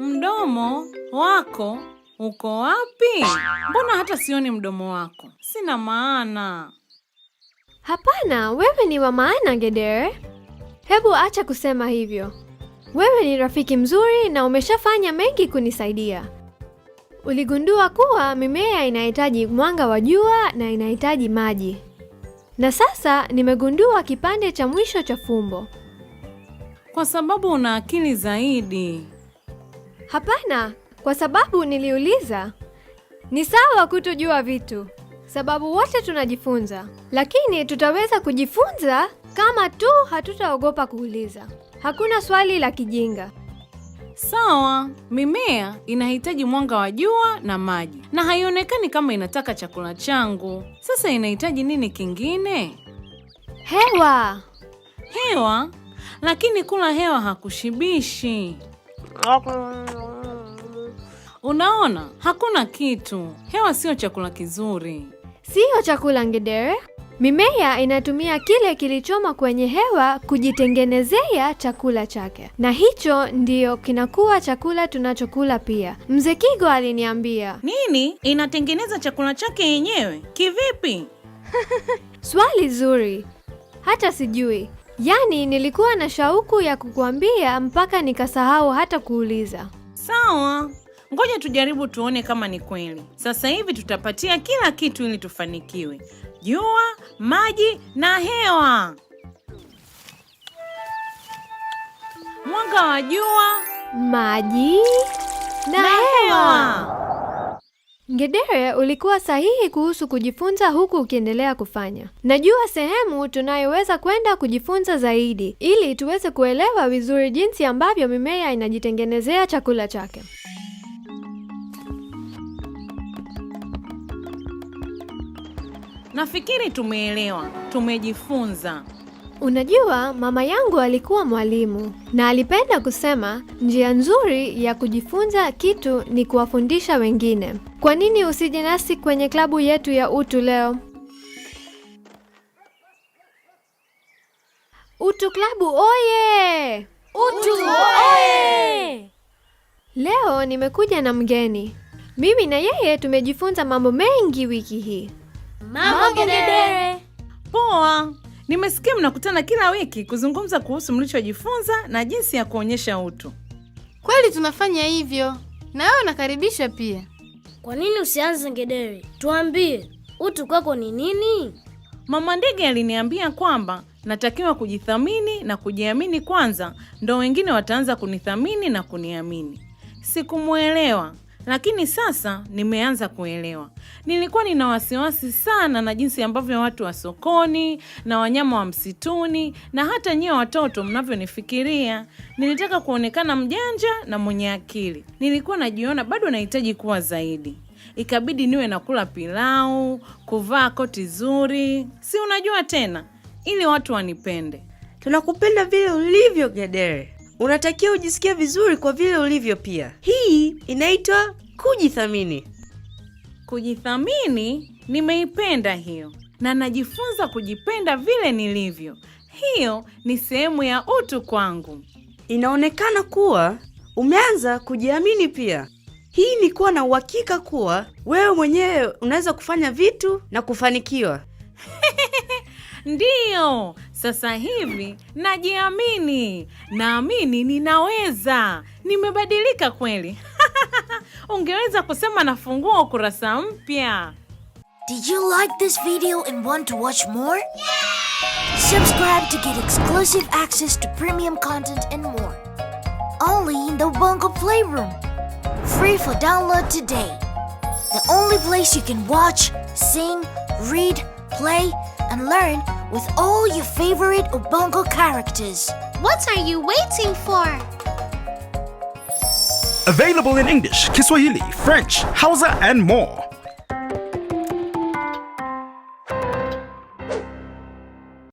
Mdomo wako uko wapi? Mbona hata sioni mdomo wako? Sina maana. Hapana, wewe ni wa maana gedere Hebu acha kusema hivyo. Wewe ni rafiki mzuri na umeshafanya mengi kunisaidia. Uligundua kuwa mimea inahitaji mwanga wa jua na inahitaji maji, na sasa nimegundua kipande cha mwisho cha fumbo. Kwa sababu una akili zaidi. Hapana, kwa sababu niliuliza. Ni sawa kutojua vitu, sababu wote tunajifunza, lakini tutaweza kujifunza kama tu hatutaogopa kuuliza. Hakuna swali la kijinga. Sawa, mimea inahitaji mwanga wa jua na maji, na haionekani kama inataka chakula changu. Sasa inahitaji nini kingine? Hewa. Hewa? Lakini kula hewa hakushibishi. Unaona, hakuna kitu. Hewa sio chakula kizuri, siyo chakula ngedere. Mimea inatumia kile kilichomo kwenye hewa kujitengenezea chakula chake, na hicho ndiyo kinakuwa chakula tunachokula pia. Mzee Kigo aliniambia. Nini? Inatengeneza chakula chake yenyewe? Kivipi? Swali zuri, hata sijui. Yaani nilikuwa na shauku ya kukuambia mpaka nikasahau hata kuuliza. Sawa, ngoja tujaribu tuone kama ni kweli. Sasa hivi tutapatia kila kitu ili tufanikiwe: jua, maji na hewa. Mwanga wa jua, maji na, na hewa, hewa. Ngedere, ulikuwa sahihi kuhusu kujifunza huku ukiendelea kufanya. Najua sehemu tunayoweza kwenda kujifunza zaidi ili tuweze kuelewa vizuri jinsi ambavyo mimea inajitengenezea chakula chake. Nafikiri tumeelewa, tumejifunza. Unajua, mama yangu alikuwa mwalimu na alipenda kusema njia nzuri ya kujifunza kitu ni kuwafundisha wengine. Kwa nini usije nasi kwenye klabu yetu ya utu leo? Utu klabu oye! Utu oye! Leo nimekuja na mgeni. Mimi na yeye tumejifunza mambo mengi wiki hii. Mama Gedere. Poa. Nimesikia mnakutana kila wiki kuzungumza kuhusu mlichojifunza na jinsi ya kuonyesha utu. Kweli tunafanya hivyo, na wewe unakaribishwa pia. Kwa nini usianze, Ngedere? Tuambie, utu kwako ni nini? Mama Ndege aliniambia kwamba natakiwa kujithamini na kujiamini kwanza, ndo wengine wataanza kunithamini na kuniamini. Sikumwelewa, lakini sasa nimeanza kuelewa. Nilikuwa nina wasiwasi sana na jinsi ambavyo watu wa sokoni na wanyama wa msituni na hata nyiwe watoto mnavyonifikiria. Nilitaka kuonekana mjanja na mwenye akili. Nilikuwa najiona bado nahitaji kuwa zaidi. Ikabidi niwe nakula pilau, kuvaa koti zuri, si unajua tena, ili watu wanipende. Tunakupenda vile ulivyo, Gedere unatakiwa ujisikie vizuri kwa vile ulivyo. Pia hii inaitwa kujithamini. Kujithamini nimeipenda hiyo, na najifunza kujipenda vile nilivyo. Hiyo ni sehemu ya utu kwangu. Inaonekana kuwa umeanza kujiamini pia. Hii ni kuwa na uhakika kuwa wewe mwenyewe unaweza kufanya vitu na kufanikiwa. Ndiyo, sasa hivi najiamini, naamini ninaweza, nimebadilika kweli. Ungeweza kusema nafungua ukurasa mpya. Did you like this video and want to watch more? Subscribe to get exclusive access to premium content and more. Only in the Playroom. Free for download today. The only place you can watch, sing, read, play, and learn with all your favorite Ubongo characters. What are you waiting for? Available in English, Kiswahili, French, Hausa, and more.